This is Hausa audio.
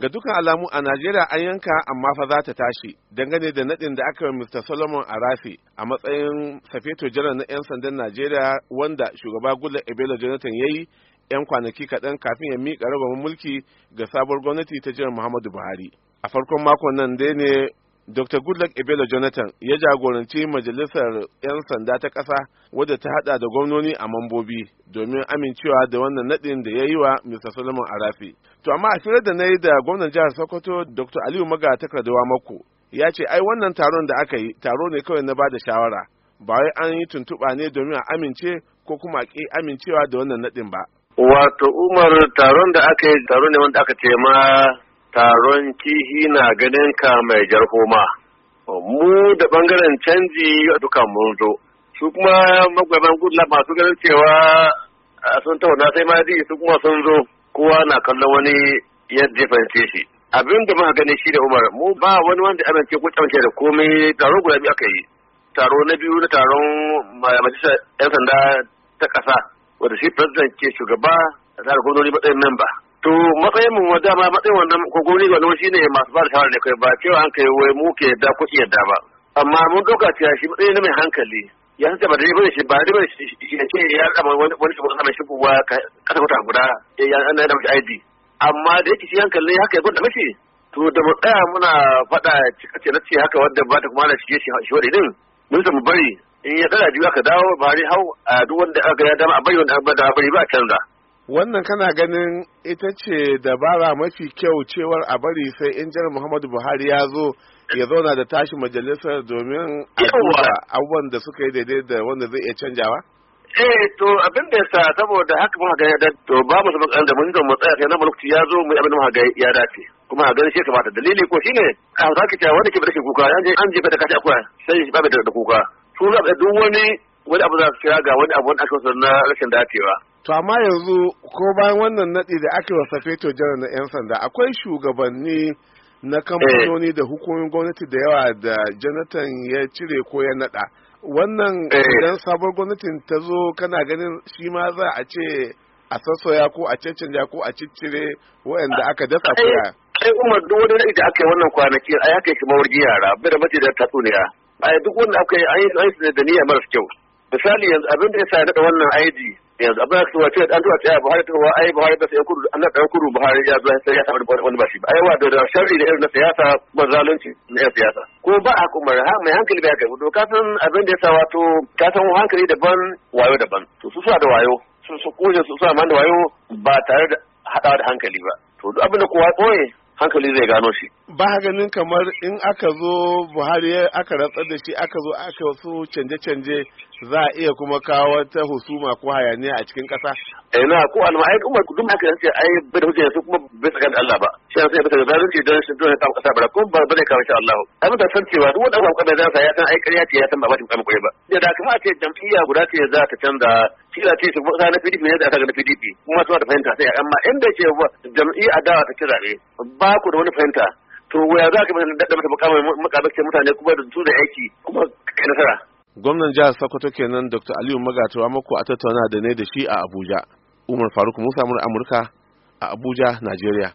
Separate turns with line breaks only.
ga dukan alamu a najeriya an yanka amma fa za ta tashi dangane da nadin da aka yi mr solomon arafi a matsayin safeto jiran na 'yan sandan najeriya wanda shugaba gula ebelo jonathan ya yi 'yan kwanaki kaɗan kafin ya miƙa rabamin mulki ga sabuwar gwamnati ta jiran muhammadu buhari a farkon makon nan dai ne dr goodluck ebele jonathan ya jagoranci majalisar 'yan sanda ta ƙasa wadda ta hada da gwamnoni a mambobi domin amincewa da wannan nadin da ya yi wa mr solomon arafi to amma a shirar da na yi da gwamnan jihar sokoto dr aliyu maga takardawa mako ya ce ai wannan taron da aka yi taro ne kawai na ba da shawara ba wai an yi tuntuɓa ne domin a amince ko kuma a ƙi amincewa da wannan nadin ba
wato umar taron da aka yi taro ne wanda aka ce ma taron kihi na ganin ka mai jarhoma mu da bangaren canji duka mun zo su kuma magwaban gudla masu ganin cewa sun tauna sai ma ji su kuma sun zo kowa na kallon wani yadda fahimce shi abin da muka gani shi da umar mu ba wani wanda amince ko amince da komai taro guda biyu aka yi taro na biyu na taron majalisar yan sanda ta kasa wanda shi president ke shugaba da tare gwamnoni matsayin to matsayin mu da ma matsayin wannan ko ga wannan ne masu ba da shawara ne kai ba cewa an kai wai mu ke da kuɗi yadda ba amma mun doka cewa shi matsayin na mai hankali ya san ba dai bane shi ba da bane shi ya ce ya zama wani wani shi ba shi kuwa kasa kuta guda ya ana da mashi ID amma da yake shi hankali ya kai gudu mashi to da mu tsaya muna faɗa cikace na ce haka wanda ba ta kuma na shige shi shi wani din mun mu bari in ya tsara biyu aka dawo bari hau a duk wanda aka ya dama a bari wanda aka da bari ba a canza
wannan kana ganin ita ce dabara mafi kyau cewar a bari sai in jar muhammadu buhari ya zo ya zauna da tashi majalisar domin abubuwan da suka yi daidai da wanda zai iya canjawa
eh to abin da yasa saboda haka muka ga da to ba mu saboda da mun mu tsaya kai na mulki ya zo mu abin da muka ya dace kuma a ganin shi kamata dalili ko shine a za ki ta wani ke bada kuka an je an je bada kashi akwai sai shi ba da kuka su duk wani wani abu za su kira ga wani abu wani ashe na rashin dacewa
to amma yanzu ko bayan wannan naɗi da aka wasa feto safeto janar na 'yan sanda akwai shugabanni na eh. kamfanoni da hukumomin gwamnati da yawa da jonathan ya cire ko ya naɗa wannan eh. idan sabon gwamnatin ta zo kana ganin shi ma za a ce a sassoya ko a cancanja ko a ciccire waɗanda aka dasa koya
ai umar duk wani naɗi da aka yi wannan kwanaki ai haka shi mawargin yara bai da mace da tatsuniya ai duk wanda aka yi an yi da niyya maras kyau misali yanzu abin da ya sa daɗa wannan aidi yanzu abin da suka wace an zuwa tsaya Buhari ta kowa ai Buhari da sai kudu an da kudu Buhari ya zo sai ya samu wani ba shi ba ai wa da sharri da irin na siyasa ba zalunci na yan siyasa ko ba a kuma mai hankali ba ya kai ka san abin da ya sa wato ka san hankali daban wayo daban to su suna da wayo su su kuje su suna da wayo ba tare da hadawa da hankali ba to duk abin da kowa tsoye hankali zai gano shi.
Ba ganin kamar in aka zo Buhari aka rantsar da shi aka zo aka wasu canje-canje za a iya kuma kawo ta husuma ko hayaniya
a cikin ƙasa. Eh na ko almahai kuma duk haka yanzu ai bai da hujja sai kuma bai saka da Allah ba. Shi sai bai saka da zalunci don shi don ta kasa ƙasa bara ko ba bai kawo insha Allah. Ai da san cewa duk wanda kuma da sa ya san ai kariya ce ya san ba ba ta kuma ba. Da da kuma ce jam'iyya guda ce za ta canza kira ce su kusa na PDP ne da aka ga na PDP kuma suna da fahimta sai amma inda ce jam'iyya adawa ta kira ne ba ku da wani fahimta to waya za ka da mutane kuma da su da aiki kuma kai nasara
gwamnan jihar sokoto kenan dr aliyu magatawa mako a tattauna da ne da shi a abuja umar faruk musa amurka a abuja najeriya